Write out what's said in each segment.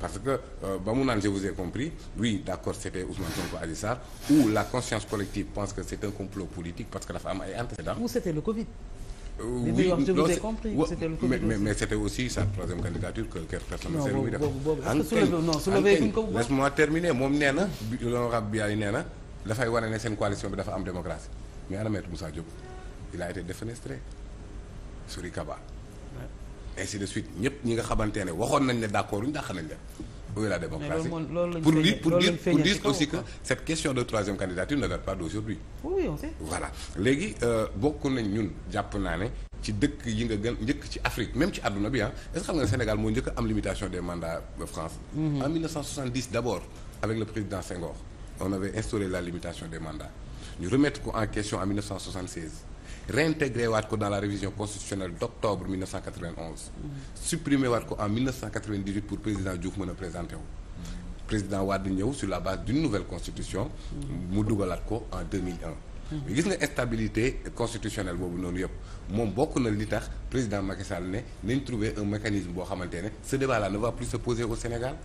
parce que euh, ba mu naan je vous ai compris oui d'accord c'était Ousmane Sonko Adji ou la conscience collective pense que c'est un complot politique parce que dafa am ay antécédents. ou c'était le Covid. Euh, mais mais mais c'était aussi sa troisième candidature que que personne non soulevé non ko laisse-moi terminer moom nee na bi l'honorable euh, Biaye nee na dafay wane ne seen coalition bi dafa am démocratie mais ana Maître Moussa Diop il a été défenestré Souri Kaba. ainsi de suite ñëpp ñi nga xamante ne waxoon nañ ne d'accord ñu dàq nañ leen. où est la démocratie pour dire pour dire pour dire aussi que cette question de troisième candidature ne date pas d'aujourd'hui voilà léegi euh, bokk nañ ñun jàpp naa ne ci dëkk yi nga gën njëkk ci Afrique même ci àdduna bi ah est-ce que xam nga ne Sénégal moo njëkk am limitation des mandats de France. Mhm. en 1970 d'abord avec le président Senghor on avait instauré la limitation des mandats ñu remettre ko en question en 1976. réintégré waat ko dans la révision constitutionnelle d' octobre 1991. supprimé waat ko en 1998 pour président Diouf mën a présenté wu. président Wade ñëw sur la base d'une nouvelle constitution. mu dugalaat ko en 2001. mais gis nga stabilité constitutionnelle boobu noonu yëpp moom bokk na li tax président Macky Sall ne nañ trouver un mécanisme boo xamante ne ce débat là ne va plus se au Sénégal.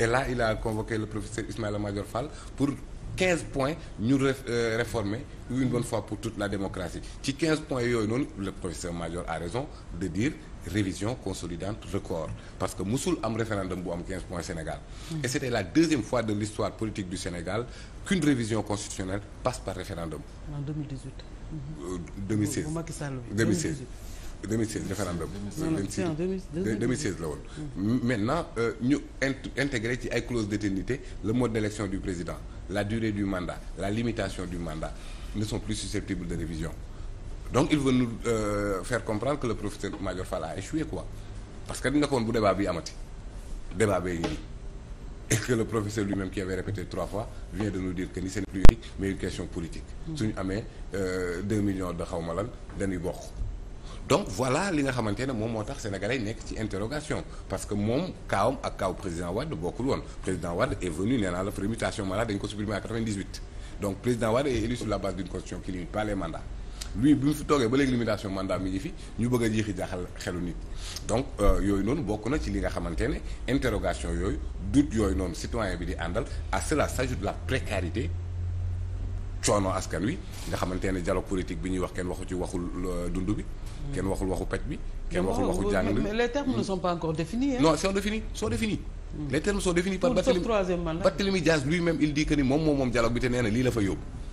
et là il a la le professeur Ismaïla Madior Fall pour. quinze points ñu euh, réformer une pour toute la démocratie ci 15 points yooyu noonu le professeur Madior a raison de dire révision consolidante record parce que musul am référendum bu am 15 points Sénégal hmm. et c'était la deuxième fois de l'histoire politique du Sénégal qu'une révision constitutionnelle passe par référendum en 2018 2016 2016 2016 référendum. 2016 la woon. maintenant euh, ñu intégré ci ay clause d'éternité le mode d'élection du président la durée du mandat la limitation du mandat ne sont plus susceptibles de révision donc il veut nous euh, faire comprendre que le professeur Madior Fall a quoi parce que dina ko woon bu débat bi amati débat bee ngi nii et que le professeur lui-même qui avait répété trois fois vient de nous dire que ni c'est plus mais une question politique. Mm. suñu amee euh, deux millions de xawma lan donc voilà li nga xamante ne moom moo tax sénégalais nekk ci interrogation parce que moom kaawam ak kaaw président Wade bokkul woon président Wade est venu nee naa la permutation malade dañ ko supprimer à 98 donc président Wade est élu sur la base d'une constitution qui limite pas les lui bi mu fi toogee ba léegi limitation mandat mi ngi fi ñu bëgg a jeexi jaaxal xelu nit donc euh, yooyu noonu bokk na ci li nga xamante ne interrogation yooyu doute yooyu noonu citoyen bi di àndal à cela s'ajoute la précarité coono askan wi nga xamante ne dialogue politique bi ñuy wax kenn waxu ci waxul euh, dund bi. kenn waxul waxu paj bi. kenn waxul waxu jàng bi mais les termes ne sont pas encore définis. non sont définis sont définis. Hmm. les termes sont définis par Barthélémy Dias lui-même il dit que ni moom moom moom dialogue bi te nee lii la fa yóbbu.